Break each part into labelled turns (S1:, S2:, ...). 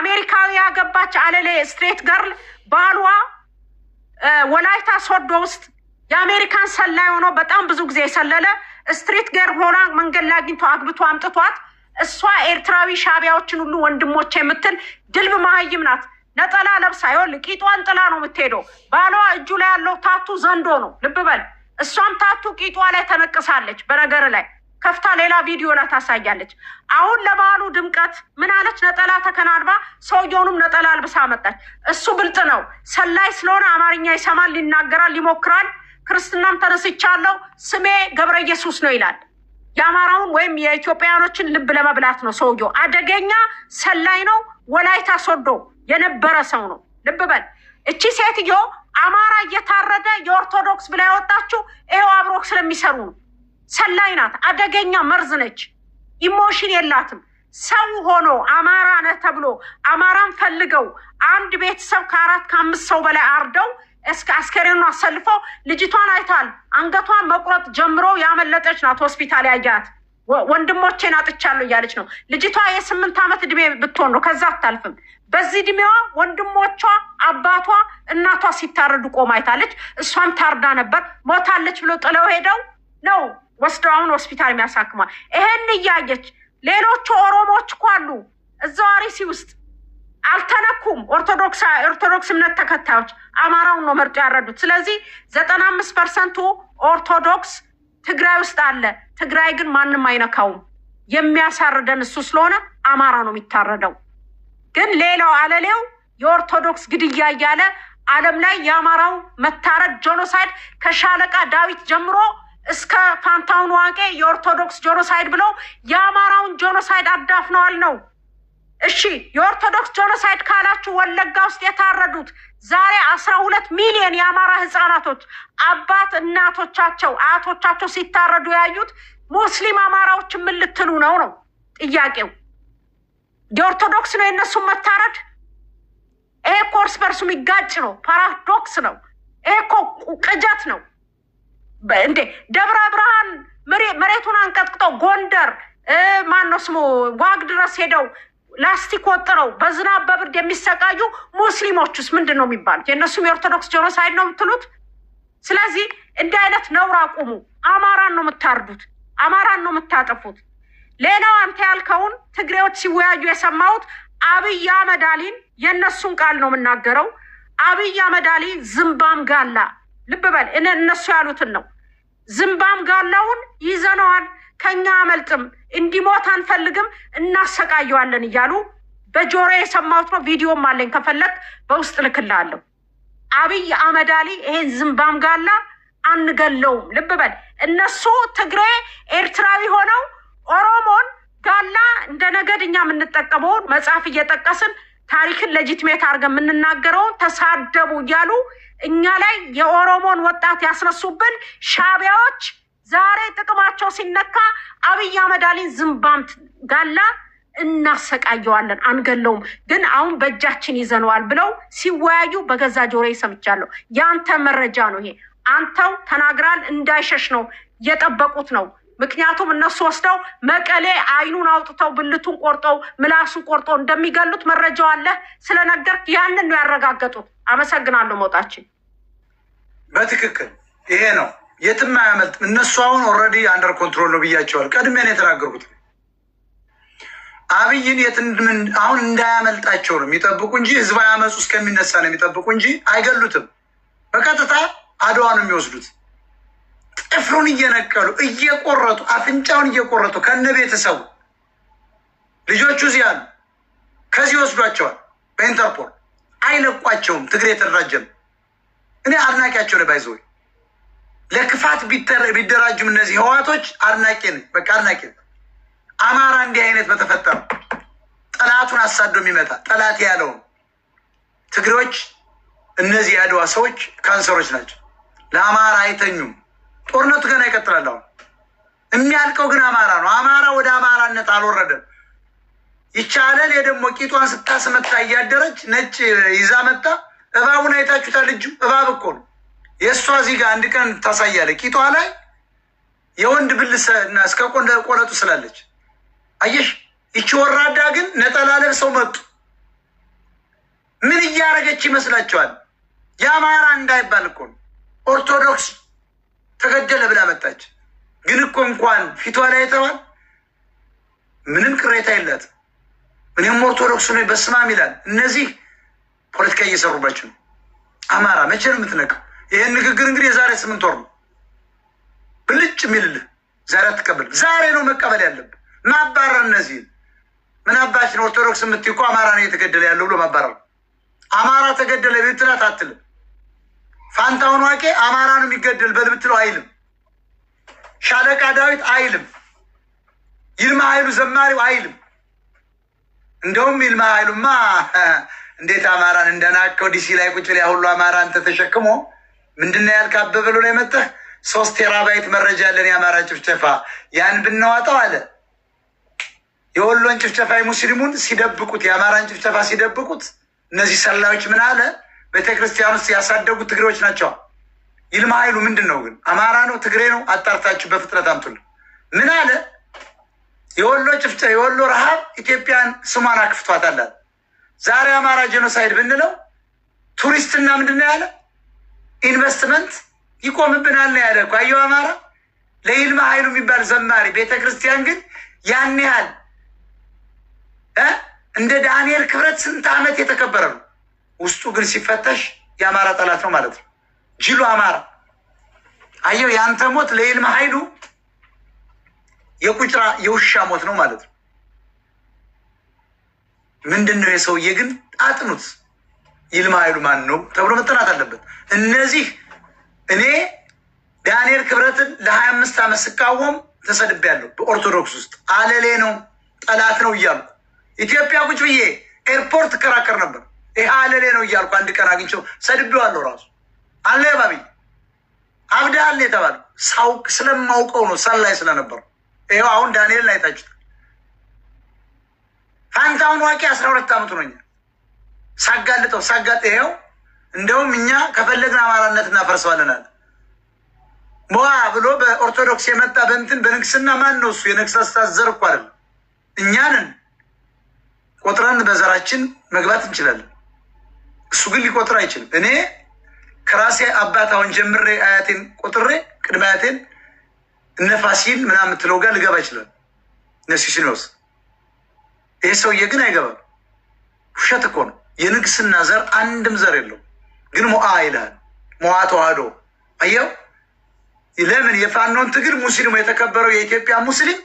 S1: አሜሪካዊ ያገባች አለሌ ስትሬት ገርል ባሏ ወላይታ ሶዶ ውስጥ የአሜሪካን ሰላይ ሆኖ በጣም ብዙ ጊዜ የሰለለ ስትሪት ገር ሆና መንገድ ላይ አግኝቶ አግብቶ አምጥቷት እሷ ኤርትራዊ ሻቢያዎችን ሁሉ ወንድሞች የምትል ድልብ መሀይም ናት። ነጠላ ለብሳ ይሆን ቂጧን ጥላ ነው የምትሄደው። ባሏ እጁ ላይ ያለው ታቱ ዘንዶ ነው። ልብ በል። እሷም ታቱ ቂጧ ላይ ተነቅሳለች። በነገር ላይ ከፍታ ሌላ ቪዲዮ ላይ ታሳያለች። አሁን ለበዓሉ ድምቀት ምን አለች? ነጠላ ተከናንባ ሰውየውንም ነጠላ አልብሳ መጣች። እሱ ብልጥ ነው፣ ሰላይ ስለሆነ አማርኛ ይሰማል፣ ይናገራል፣ ይሞክራል። ክርስትናም ተነስቻለሁ ስሜ ገብረ ኢየሱስ ነው ይላል። የአማራውን ወይም የኢትዮጵያውያኖችን ልብ ለመብላት ነው። ሰውየው አደገኛ ሰላይ ነው። ወላይታ ሶዶ የነበረ ሰው ነው። ልብ በል። እቺ ሴትዮ አማራ እየታረደ የኦርቶዶክስ ብላ ያወጣችው ይኸው አብሮክ ስለሚሰሩ ነው። ሰላይ ናት፣ አደገኛ መርዝ ነች። ኢሞሽን የላትም። ሰው ሆኖ አማራ ነህ ተብሎ አማራን ፈልገው አንድ ቤተሰብ ከአራት ከአምስት ሰው በላይ አርደው እስከ አስከሬኑ አሰልፈው ልጅቷን አይታል አንገቷን መቁረጥ ጀምሮ ያመለጠች ናት። ሆስፒታል ያያት ወንድሞቼን አጥቻለሁ እያለች ነው። ልጅቷ የስምንት ዓመት እድሜ ብትሆን ነው ከዛ አታልፍም። በዚህ እድሜዋ ወንድሞቿ፣ አባቷ፣ እናቷ ሲታረዱ ቆማ አይታለች። እሷም ታርዳ ነበር። ሞታለች ብሎ ጥለው ሄደው ነው ወስደው አሁን ሆስፒታል የሚያሳክሟል። ይሄን እያየች ሌሎቹ ኦሮሞዎች እኮ አሉ እዛው አርሲ ውስጥ አልተነኩም። ኦርቶዶክስ ኦርቶዶክስ እምነት ተከታዮች አማራውን ነው መርጦ ያረዱት። ስለዚህ ዘጠና አምስት ፐርሰንቱ ኦርቶዶክስ ትግራይ ውስጥ አለ። ትግራይ ግን ማንም አይነካውም። የሚያሳርደን እሱ ስለሆነ አማራ ነው የሚታረደው። ግን ሌላው አለሌው የኦርቶዶክስ ግድያ እያለ ዓለም ላይ የአማራው መታረድ ጆኖሳይድ ከሻለቃ ዳዊት ጀምሮ እስከ ፋንታውን ዋቄ የኦርቶዶክስ ጆኖሳይድ ብለው የአማራውን ጆኖሳይድ አዳፍነዋል ነው። እሺ የኦርቶዶክስ ጆኖሳይድ ካላችሁ ወለጋ ውስጥ የታረዱት ዛሬ አስራ ሁለት ሚሊዮን የአማራ ህጻናቶች አባት እናቶቻቸው አያቶቻቸው ሲታረዱ ያዩት ሙስሊም አማራዎች የምልትሉ ነው ነው ጥያቄው። የኦርቶዶክስ ነው የእነሱን መታረድ። ይሄ ኮርስ በእርሱ የሚጋጭ ነው። ፓራዶክስ ነው። ይሄ እኮ ቅጀት ነው። እንዴ ደብረ ብርሃን መሬቱን አንቀጥቅጠው ጎንደር ማን ነው ስሙ ዋግ ድረስ ሄደው ላስቲክ ወጥረው በዝናብ በብርድ የሚሰቃዩ ሙስሊሞች ውስጥ ምንድን ነው የሚባሉት? የእነሱም የኦርቶዶክስ ጄኖሳይድ ነው የምትሉት? ስለዚህ እንዲህ አይነት ነውር አቁሙ። አማራን ነው የምታርዱት፣ አማራን ነው የምታጠፉት። ሌላው አንተ ያልከውን ትግሬዎች ሲወያዩ የሰማሁት አብይ አህመድ አሊን የእነሱን ቃል ነው የምናገረው። አብይ አህመድ አሊ ዝምባም ጋላ ልብ በል እነሱ ያሉትን ነው። ዝምባም ጋላውን ይዘነዋል፣ ከኛ አመልጥም፣ እንዲሞት አንፈልግም፣ እናሰቃየዋለን እያሉ በጆሮ የሰማሁት ነው። ቪዲዮም አለኝ፣ ከፈለግ በውስጥ ልክላለሁ። አብይ አህመድ አሊ ይሄን ዝምባም ጋላ አንገለውም። ልብ በል እነሱ ትግሬ ኤርትራዊ ሆነው ኦሮሞን ጋላ እንደ ነገድ እኛ የምንጠቀመውን መጽሐፍ እየጠቀስን ታሪክን ለጂትሜት አድርገን የምንናገረውን ተሳደቡ እያሉ እኛ ላይ የኦሮሞን ወጣት ያስነሱብን ሻቢያዎች ዛሬ ጥቅማቸው ሲነካ አብይ አመዳሊን ዝምባምት ጋላ እናሰቃየዋለን፣ አንገለውም፣ ግን አሁን በእጃችን ይዘነዋል ብለው ሲወያዩ በገዛ ጆሮ ሰምቻለሁ። የአንተ መረጃ ነው ይሄ። አንተው ተናግራል እንዳይሸሽ ነው የጠበቁት ነው። ምክንያቱም እነሱ ወስደው መቀሌ አይኑን አውጥተው ብልቱን ቆርጠው ምላሱን ቆርጠው እንደሚገሉት መረጃው አለ። ስለነገር ያንን ነው ያረጋገጡት። አመሰግናለሁ። መውጣችን
S2: በትክክል ይሄ ነው። የትም አያመልጥም። እነሱ አሁን ኦልሬዲ አንደር ኮንትሮል ነው ብያቸዋል። ቀድሜ ነው የተናገርኩት። አብይን የትምን አሁን እንዳያመልጣቸው ነው የሚጠብቁ እንጂ ህዝባዊ አመፁ እስከሚነሳ ነው የሚጠብቁ እንጂ አይገሉትም። በቀጥታ አድዋ ነው የሚወስዱት። ጥፍሩን እየነቀሉ እየቆረጡ አፍንጫውን እየቆረጡ ከነ ቤተሰቡ ልጆቹ እዚህ አሉ። ከዚህ ወስዷቸዋል። በኢንተርፖል አይለቋቸውም። ትግሬ የተደራጀም እኔ አድናቂያቸው ባይዘ ለክፋት ቢደራጁም እነዚህ ህዋቶች አድናቂ ነኝ፣ በቃ አድናቂ አማራ እንዲህ አይነት በተፈጠረ ጠላቱን አሳዶ የሚመጣ ጠላት ያለውን ትግሬዎች እነዚህ የአድዋ ሰዎች ካንሰሮች ናቸው። ለአማራ አይተኙም። ጦርነቱ ገና ይቀጥላል። አሁን የሚያልቀው ግን አማራ ነው። አማራ ወደ አማራነት አልወረደም። ይቻለል የደግሞ ቂጧን ስታስመታ እያደረች ነጭ ይዛ መጣ። እባቡን አይታችሁታል? እጁ እባብ እኮ ነው። የእሷ እዚህ ጋር አንድ ቀን ታሳያለ። ቂጧ ላይ የወንድ ብል እስከ ቆለጡ ስላለች አየሽ። ይቺ ወራዳ ግን ነጠላ ለብሰው መጡ። ምን እያደረገች ይመስላችኋል? የአማራ እንዳይባል እኮ ነው ኦርቶዶክስ ተገደለ ብላ መጣች። ግን እኮ እንኳን ፊቷ ላይ ተዋል ምንም ቅሬታ የላት። እኔም ኦርቶዶክስ ነኝ በስማም ይላል። እነዚህ ፖለቲካ እየሰሩባቸው ነው። አማራ መቼ ነው የምትነቀው? ይህን ንግግር እንግዲህ የዛሬ ስምንት ወር ነው ብልጭ የሚልልህ። ዛሬ አትቀበልም። ዛሬ ነው መቀበል ያለብህ። ማባረር እነዚህ ምን አባሽ ነው ኦርቶዶክስ የምትይ እኮ አማራ ነው እየተገደለ ያለው ብሎ ማባረር። አማራ ተገደለ ቤትናት አትልም። ፋንታውን ዋቄ አማራ ነው የሚገደል በል ብትለው አይልም። ሻለቃ ዳዊት አይልም። ይልማ ኃይሉ ዘማሪው አይልም። እንደውም ይልማ ኃይሉማ እንዴት አማራን እንደናቀው ዲሲ ላይ ቁጭ ላይ ሁሉ አማራ አንተ ተሸክሞ ምንድነው ያልክ? አበበሉ ላይ መጥተህ ሶስት ቴራባይት መረጃ ያለን የአማራ ጭፍጨፋ ያን ብናዋጠው አለ። የወሎን ጭፍጨፋ የሙስሊሙን ሲደብቁት፣ የአማራን ጭፍጨፋ ሲደብቁት እነዚህ ሰላዮች ምን አለ ቤተክርስቲያን ውስጥ ያሳደጉ ትግሬዎች ናቸው። ይልማ ኃይሉ ምንድን ነው ግን አማራ ነው ትግሬ ነው? አጣርታችሁ በፍጥነት አምቱል? ምን አለ? የወሎ ጭፍጨ የወሎ ረሃብ ኢትዮጵያን ስሟን አክፍቷታል። ዛሬ አማራ ጄኖሳይድ ብንለው ቱሪስትና ምንድን ያለ ኢንቨስትመንት ይቆምብናል ነው ያለ እኮ። አማራ ለይልማ ኃይሉ የሚባል ዘማሪ። ቤተክርስቲያን ግን ያን ያህል እንደ ዳንኤል ክብረት ስንት ዓመት የተከበረ ነው። ውስጡ ግን ሲፈተሽ የአማራ ጠላት ነው ማለት ነው። ጅሉ አማራ አየው። የአንተ ሞት ለይልመ ኃይሉ የቁጭራ የውሻ ሞት ነው ማለት ነው። ምንድን ነው የሰውዬ ግን አጥኑት። ይልማ ሀይሉ ማን ነው ተብሎ መጠናት አለበት። እነዚህ እኔ ዳንኤል ክብረትን ለሀያ አምስት ዓመት ስቃወም ተሰድቤያለሁ። በኦርቶዶክስ ውስጥ አለሌ ነው ጠላት ነው እያሉ ኢትዮጵያ ቁጭ ብዬ ኤርፖርት እከራከር ነበር። አለሌ ነው እያልኩ አንድ ቀን አግኝቼው ሰድቤዋለሁ። ራሱ አለ አብደ አብዳል የተባለ ሳውቅ ስለማውቀው ነው ሰላይ ስለነበረው። ይኸው አሁን ዳንኤል ላይ ታችታል። አንተ አሁን ዋቂ አስራ ሁለት አመቱ ነው። ሳጋልጠው ሳጋጥ ይኸው እንደውም እኛ ከፈለግን አማራነት እናፈርሰዋለን ሞዋ ብሎ በኦርቶዶክስ የመጣ በእንትን በንግስና ማን ነው እሱ? የነግስታት ዘር እኮ አይደለም። እኛንን ቆጥረን በዘራችን መግባት እንችላለን። እሱ ግን ሊቆጥር አይችልም። እኔ ከራሴ አባት አሁን ጀምሬ አያቴን ቆጥሬ ቅድመ አያቴን እነፋሲን ምናምን ትለው ጋር ልገባ ይችላል። እነ ይህ ሰውዬ ግን አይገባም። ውሸት እኮ ነው። የንግስና ዘር አንድም ዘር የለው። ግን ሞአ ይልሃል። ሞአ ተዋህዶ አየው። ለምን የፋኖን ትግል ሙስሊሙ የተከበረው የኢትዮጵያ ሙስሊም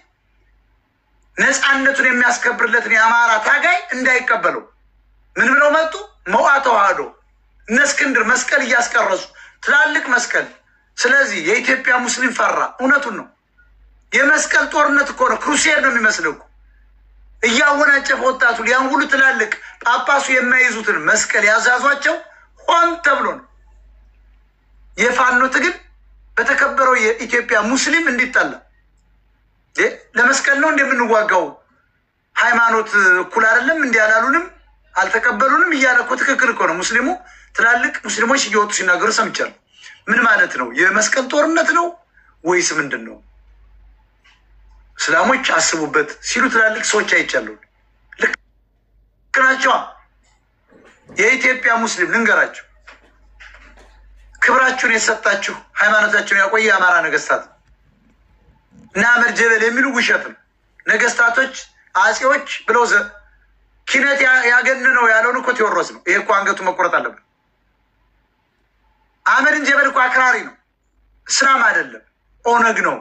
S2: ነፃነቱን የሚያስከብርለትን የአማራ ታጋይ እንዳይቀበለው ምን ብለው መጡ? መውአ ተዋህዶ እነ እስክንድር መስቀል እያስቀረሱ ትላልቅ መስቀል። ስለዚህ የኢትዮጵያ ሙስሊም ፈራ። እውነቱን ነው። የመስቀል ጦርነት እኮ ነው። ክሩሴድ ነው የሚመስለው እኮ እያወናጨፈ ወጣቱ ያን ሁሉ ትላልቅ ጳጳሱ የማይዙትን መስቀል ያዛዟቸው ሆን ተብሎ ነው። የፋኖ ትግል በተከበረው የኢትዮጵያ ሙስሊም እንዲጠላ ለመስቀል ነው እንደምንዋጋው ሃይማኖት እኩል አይደለም እንዲያላሉንም አልተቀበሉንም እያለ እኮ ትክክል እኮ ነው። ሙስሊሙ ትላልቅ ሙስሊሞች እየወጡ ሲናገሩ ሰምቻለሁ። ምን ማለት ነው? የመስቀል ጦርነት ነው ወይስ ምንድን ነው? እስላሞች አስቡበት ሲሉ ትላልቅ ሰዎች አይቻለሁ። ልክ ናቸዋ። የኢትዮጵያ ሙስሊም ልንገራቸው፣ ክብራችሁን የሰጣችሁ ሃይማኖታችሁን ያቆየ የአማራ ነገስታት እና መርጀበል ጀበል የሚሉ ውሸት ነው። ነገስታቶች አጼዎች ብለው ኪነት ነው ያለውን እኮ ቴዎድሮስ ነው። ይሄ እኮ አንገቱ መቆረጥ አለበት። አህመድን ጀበል እኮ አክራሪ ነው። እስላም አይደለም፣ ኦነግ ነው፣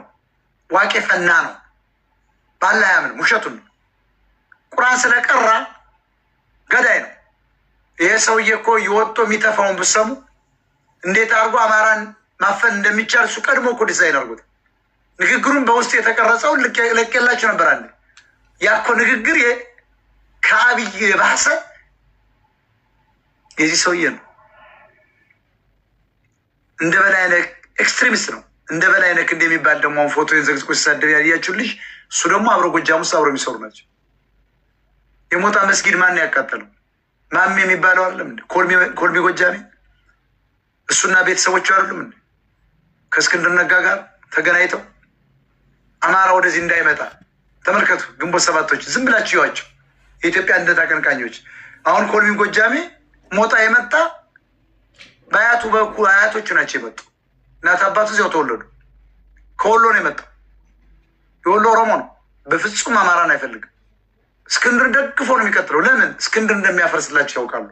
S2: ዋቄ ፈና ነው። ባላ ያምን ውሸቱን ነው። ቁርአን ስለቀራ ገዳይ ነው። ይሄ ሰውዬ እኮ እየወጡ የሚተፋውን ብሰሙ እንዴት አድርጎ አማራን ማፈን እንደሚቻል እሱ ቀድሞ እኮ ዲዛይን አድርጎት ንግግሩን በውስጥ የተቀረጸውን ልኬላችሁ ነበር። አንዴ ያኮ ንግግር ከአብይ የባሰ የዚህ ሰውዬ ነው። እንደ በላይነህ ኤክስትሪሚስት ነው። እንደ በላይነህ እንደሚባል ደግሞ አሁን ፎቶ ዘግዝቆ ሲሳደብ ያያችሁልሽ። እሱ ደግሞ አብረ ጎጃም ውስጥ አብረ የሚሰሩ ናቸው። የሞጣ መስጊድ ማን ያቃጠለው? ማሜ የሚባለው አይደለም እንደ ጎጃሜ እሱና ቤተሰቦቹ አይደሉም እንደ ከእስክንድር ነጋ ጋር ተገናኝተው አማራ ወደዚህ እንዳይመጣ ተመልከቱ። ግንቦት ሰባቶች ዝም ብላችሁ ይዋቸው። የኢትዮጵያ አንድነት አቀንቃኞች አሁን ኮልሚን ጎጃሜ ሞጣ የመጣ በአያቱ በኩል አያቶቹ ናቸው የመጡ እናት አባቱ እዚያው ተወለዱ። ከወሎ ነው የመጣው። የወሎ ኦሮሞ ነው። በፍጹም አማራን አይፈልግም። እስክንድር ደግፎ ነው የሚቀጥለው። ለምን እስክንድር እንደሚያፈርስላቸው ያውቃሉ።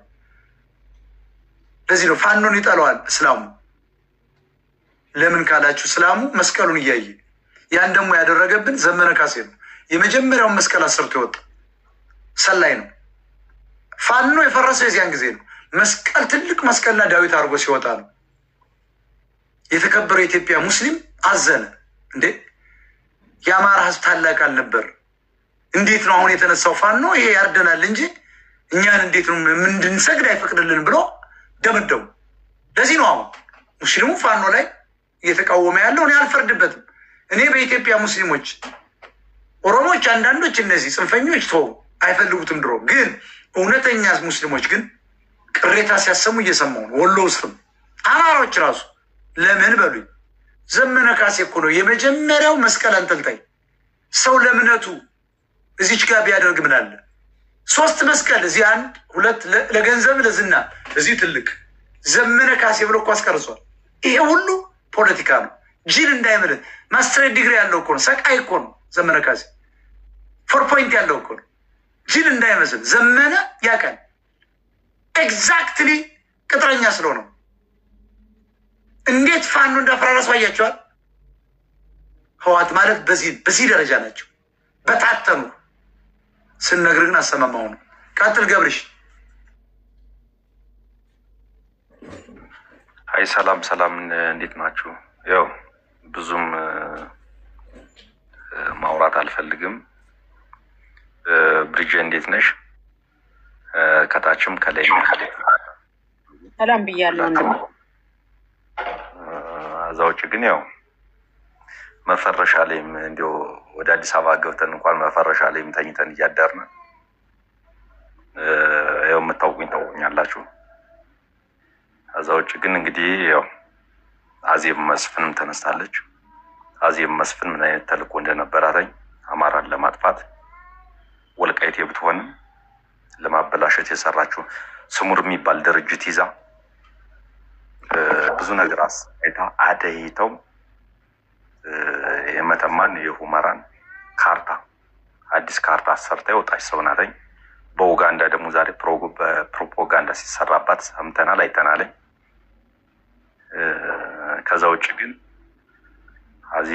S2: ለዚህ ነው ፋኖን ይጠለዋል እስላሙ። ለምን ካላችሁ እስላሙ መስቀሉን እያየ ያን ደግሞ ያደረገብን ዘመነ ካሴ ነው። የመጀመሪያውን መስቀል አሰርቶ ይወጣ? ሰላይ ነው። ፋኖ የፈረሰው የዚያን ጊዜ ነው። መስቀል ትልቅ መስቀልና ዳዊት አድርጎ ሲወጣ ነው። የተከበረው የኢትዮጵያ ሙስሊም አዘነ። እንዴ የአማራ ህዝብ ታላቅ አልነበር? እንዴት ነው አሁን የተነሳው ፋኖ? ይሄ ያርደናል እንጂ እኛን እንዴት ነው የምንድንሰግድ አይፈቅድልን ብሎ ደመደሙ። ለዚህ ነው አሁን ሙስሊሙ ፋኖ ላይ እየተቃወመ ያለው። እኔ አልፈርድበትም። እኔ በኢትዮጵያ ሙስሊሞች፣ ኦሮሞች፣ አንዳንዶች እነዚህ ጽንፈኞች ተው አይፈልጉትም። ድሮ ግን እውነተኛ ሙስሊሞች ግን ቅሬታ ሲያሰሙ እየሰማሁ ነው። ወሎ ውስጥም አማሮች ራሱ ለምን በሉኝ። ዘመነ ካሴ እኮ ነው የመጀመሪያው መስቀል አንጠልጣይ ሰው ለእምነቱ እዚች ጋር ቢያደርግ ምን አለ? ሶስት መስቀል እዚህ አንድ ሁለት ለገንዘብ ለዝና እዚህ ትልቅ ዘመነ ካሴ ብሎ እኮ አስቀርጿል። ይሄ ሁሉ ፖለቲካ ነው። ጅን እንዳይምልህ ማስትሬት ዲግሪ ያለው እኮ ነው። ሰቃይ እኮ ነው ዘመነ ካሴ። ፎር ፖይንት ያለው እኮ ነው። ጅል እንዳይመስል ዘመነ ያቀን ኤግዛክትሊ ቅጥረኛ ስለሆነ እንዴት ፋኖ እንዳፈራረስ ባያቸዋል። ህዋት ማለት በዚህ በዚህ ደረጃ ናቸው። በታተኑ ስነግር ግን አሰማማው ነው። ቀጥል ገብርሽ።
S3: አይ ሰላም ሰላም፣ እንዴት ናችሁ? ያው ብዙም ማውራት አልፈልግም። ብሪጅ እንዴት ነሽ? ከታችም ከላይ
S4: ሰላም ብያለሁ።
S3: እዛ ውጭ ግን ያው መፈረሻ ላይም እንዲሁ ወደ አዲስ አበባ ገብተን እንኳን መፈረሻ ላይም ተኝተን እያደርን ያው የምታውቁኝ ታውቁኛላችሁ። እዛ ውጭ ግን እንግዲህ ያው አዜብ መስፍንም ተነስታለች። አዜብ መስፍን ምን አይነት ተልእኮ እንደነበራተኝ አማራን ለማጥፋት ወልቃይቴ ብትሆንም ለማበላሸት የሰራችው ስሙር የሚባል ድርጅት ይዛ ብዙ ነገር አሳይታ አደይተው የመተማን የሁመራን ካርታ አዲስ ካርታ አሰርታ የወጣች ሰው ናት። በኡጋንዳ ደግሞ ዛሬ በፕሮፓጋንዳ ሲሰራባት ሰምተናል፣ አይተናለኝ። ከዛ ውጭ ግን አዚ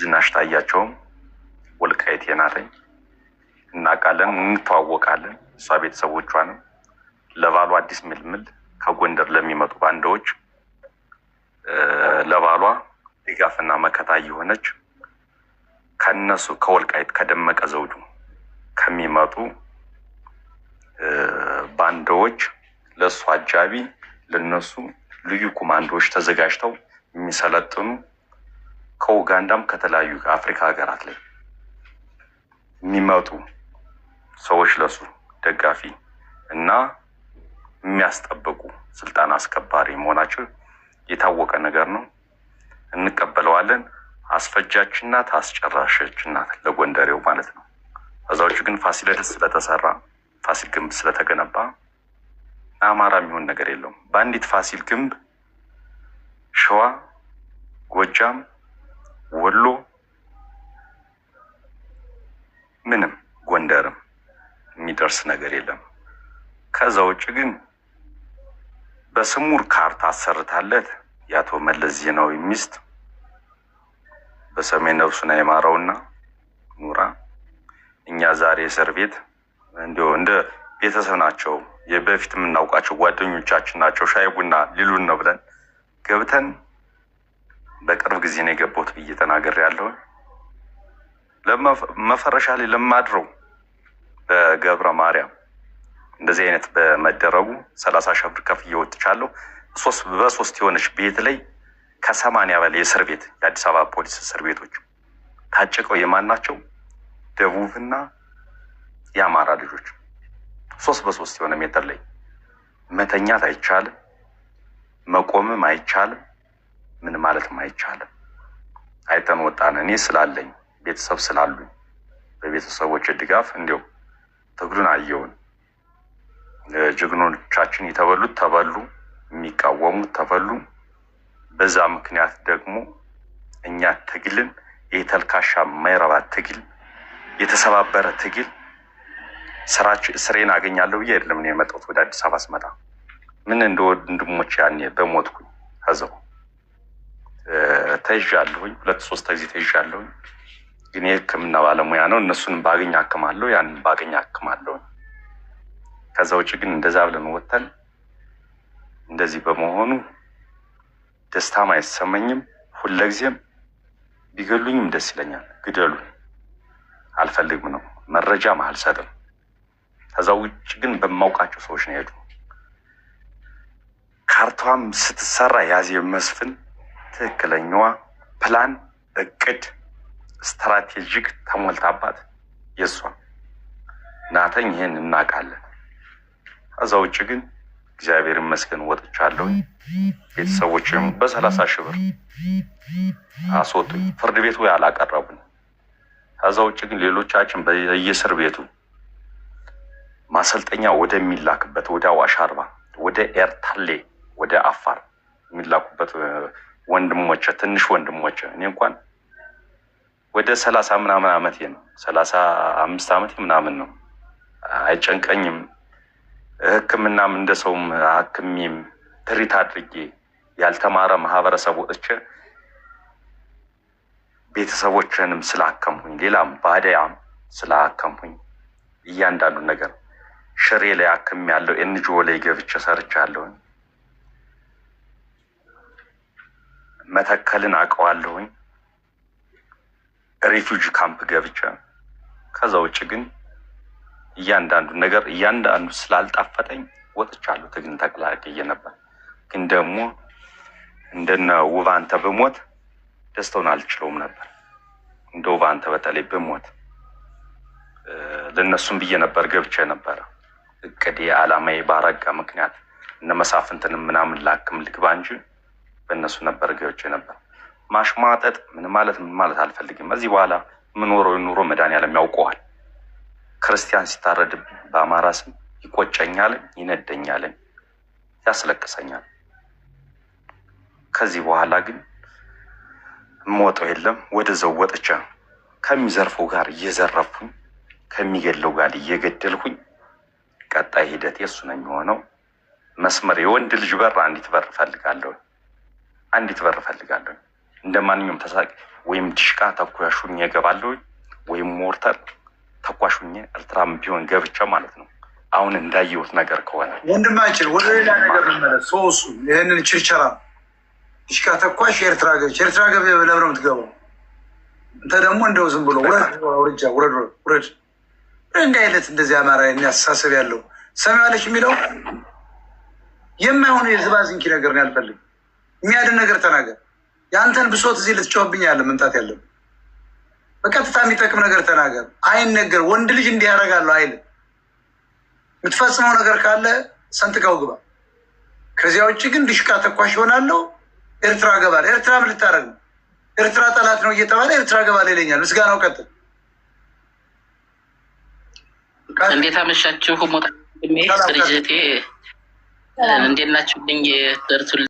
S3: ዝናሽ ታያቸውም ወልቃይቴ ናት። እናውቃለን፣ እንተዋወቃለን። እሷ ቤተሰቦቿንም ለባሏ አዲስ ምልምል ከጎንደር ለሚመጡ ባንዳዎች ለባሏ ድጋፍና መከታ የሆነች ከነሱ ከወልቃይት ከደመቀ ዘውዱ ከሚመጡ ባንዳዎች ለእሱ አጃቢ ለነሱ ልዩ ኮማንዶዎች ተዘጋጅተው የሚሰለጥኑ ከኡጋንዳም ከተለያዩ አፍሪካ ሀገራት ላይ የሚመጡ ሰዎች ለሱ ደጋፊ እና የሚያስጠብቁ ስልጣን አስከባሪ መሆናቸው የታወቀ ነገር ነው። እንቀበለዋለን። አስፈጃች ናት፣ አስጨራሸች ናት ለጎንደሬው ማለት ነው። ከዛዎቹ ግን ፋሲለደስ ስለተሰራ ፋሲል ግንብ ስለተገነባ አማራ የሚሆን ነገር የለውም። በአንዲት ፋሲል ግንብ ሸዋ፣ ጎጃም፣ ወሎ ምንም ጎንደርም የሚደርስ ነገር የለም። ከዛ ውጭ ግን በስሙር ካርታ አሰርታለት የአቶ መለስ ዜናዊ ሚስት በሰሜን ነፍሱን አይማረውና ኑራ እኛ ዛሬ እስር ቤት እንዲሁ እንደ ቤተሰብ ናቸው፣ የበፊት የምናውቃቸው ጓደኞቻችን ናቸው፣ ሻይ ቡና ሊሉን ነው ብለን ገብተን በቅርብ ጊዜ ነው የገባሁት ብዬ ተናግሬያለሁ። መፈረሻ ላይ ለማድረው በገብረ ማርያም እንደዚህ አይነት በመደረጉ ሰላሳ ሺህ ብር ከፍዬ ወጥቻለሁ። በሶስት የሆነች ቤት ላይ ከሰማንያ በላይ እስር ቤት የአዲስ አበባ ፖሊስ እስር ቤቶች ታጭቀው የማን ናቸው? ደቡብና የአማራ ልጆች ሶስት በሶስት የሆነ ሜትር ላይ መተኛት አይቻልም፣ መቆምም አይቻልም፣ ምን ማለትም አይቻልም። አይተን ወጣን። እኔ ስላለኝ ቤተሰብ ስላሉኝ በቤተሰቦች ድጋፍ እንዲሁም ትግሉን አየውን። ጀግኖቻችን የተበሉት ተበሉ፣ የሚቃወሙት ተበሉ። በዛ ምክንያት ደግሞ እኛ ትግልን የተልካሻ የማይረባ ትግል፣ የተሰባበረ ትግል ስራች ስሬን አገኛለሁ ብዬ አይደለም ነው የመጣሁት ወደ አዲስ አበባ ስመጣ ምን እንደ ወንድሞች ያኔ በሞትኩኝ ከዛው ተይዣለሁኝ ሁለት ሶስት ጊዜ ተይዣለሁኝ። ግን የህክምና ባለሙያ ነው። እነሱን ባገኝ አክማለሁ፣ ያንን ባገኝ አክማለሁ። ከዛ ውጭ ግን እንደዛ ብለን ወተን እንደዚህ በመሆኑ ደስታም አይሰመኝም ሁለጊዜም ቢገሉኝም ደስ ይለኛል። ግደሉ አልፈልግም ነው። መረጃም አልሰጥም። ከዛ ውጭ ግን በማውቃቸው ሰዎች ነው ሄዱ። ካርቷም ስትሰራ ያዜ መስፍን ትክክለኛዋ ፕላን እቅድ ስትራቴጂክ ተሞልታባት የእሷ ናተኝ ይህን እናውቃለን። ከዛ ውጭ ግን እግዚአብሔር ይመስገን ወጥቻለሁ። ቤተሰቦችም በሰላሳ ሺህ ብር አስወጡኝ። ፍርድ ቤቱ ያላቀረቡን። ከዛ ውጭ ግን ሌሎቻችን በየእስር ቤቱ ማሰልጠኛ ወደሚላክበት ወደ አዋሽ አርባ፣ ወደ ኤርታሌ፣ ወደ አፋር የሚላኩበት ወንድሞች ትንሽ ወንድሞች እኔ እንኳን ወደ ሰላሳ ምናምን ዓመቴ ነው። ሰላሳ አምስት ዓመቴ ምናምን ነው። አይጨንቀኝም። ሕክምናም እንደ ሰውም ሐክሜም ትሪት አድርጌ ያልተማረ ማህበረሰብ ወጥቼ ቤተሰቦችንም ስላከምሁኝ ሌላም ባዳያም ስላከምሁኝ እያንዳንዱ ነገር ሽሬ ላይ አክም ያለው ኤንጂኦ ላይ ገብቼ ሰርቻለሁኝ። መተከልን አውቀዋለሁኝ። ሬፊውጅ ካምፕ ገብቼ ከዛ ውጭ ግን እያንዳንዱ ነገር እያንዳንዱ ስላልጣፈጠኝ ወጥቻለሁ። ትግን ተቀላቅዬ ነበር። ግን ደግሞ እንደነ ውባንተ ብሞት ደስታውን አልችለውም ነበር። እንደ ውባንተ በተለይ ብሞት ለነሱም ብዬ ነበር ገብቼ ነበረ እቅዴ ዓላማዬ ባረጋ ምክንያት እነ መሳፍንትን ምናምን ላክም ልግባ እንጂ በእነሱ ነበር ገብቼ ነበር። ማሽሟጠጥ ምን ማለት ምን ማለት አልፈልግም። እዚህ በኋላ ምኖረው ኑሮ መድኃኒዓለም ያውቀዋል። ክርስቲያን ሲታረድ በአማራ ስም ይቆጨኛል፣ ይነደኛል፣ ያስለቅሰኛል። ከዚህ በኋላ ግን ሞጠው የለም። ወደ ዘወጥቻ ከሚዘርፈው ጋር እየዘረፉኝ ከሚገለው ጋር እየገደልኩኝ ቀጣይ ሂደት የእሱ ነው የሚሆነው። መስመር የወንድ ልጅ በር አንዲት በር ፈልጋለሁ፣ አንዲት በር ፈልጋለሁ። እንደ ማንኛውም ተሳቂ ወይም ዲሽቃ ተኳሹኝ እገባለሁ ወይም ሞርተር ተኳሹኝ ኤርትራም ቢሆን ገብቻ ማለት ነው። አሁን እንዳየሁት ነገር ከሆነ
S5: ወንድማችን ወደ ሌላ ነገር መለስ ሶሱ ይህንን ችርቸራ ዲሽቃ ተኳሽ ኤርትራ ገብች ኤርትራ ገብ ለምን ነው የምትገባው? እንተ ደግሞ እንደው ዝም ብሎ ውረጃ ውረድ ውረድ እንዲህ አይነት እንደዚህ አማራ የሚያስተሳሰብ ያለው ሰሚያለች የሚለው የማይሆኑ የዝባዝንኪ ነገር ነው ያልፈልግ የሚያድን ነገር ተናገር። የአንተን ብሶት እዚህ ልትጮህብኝ ያለ መምጣት ያለብህ በቀጥታ የሚጠቅም ነገር ተናገር። ነገር ወንድ ልጅ እንዲህ ያደርጋለሁ አይል የምትፈጽመው ነገር ካለ ሰንጥቀው ግባ። ከዚያ ውጭ ግን ድሽቃ ተኳሽ ይሆናለሁ፣ ኤርትራ ገባል። ኤርትራ ምን ልታደርግ ነው? ኤርትራ ጠላት ነው እየተባለ ኤርትራ ገባል ይለኛል። ምስጋናው ቀጥል። እንዴት አመሻችሁ? ሞጣ ልጅቴ እንዴት ናችሁልኝ? ደርቱልኝ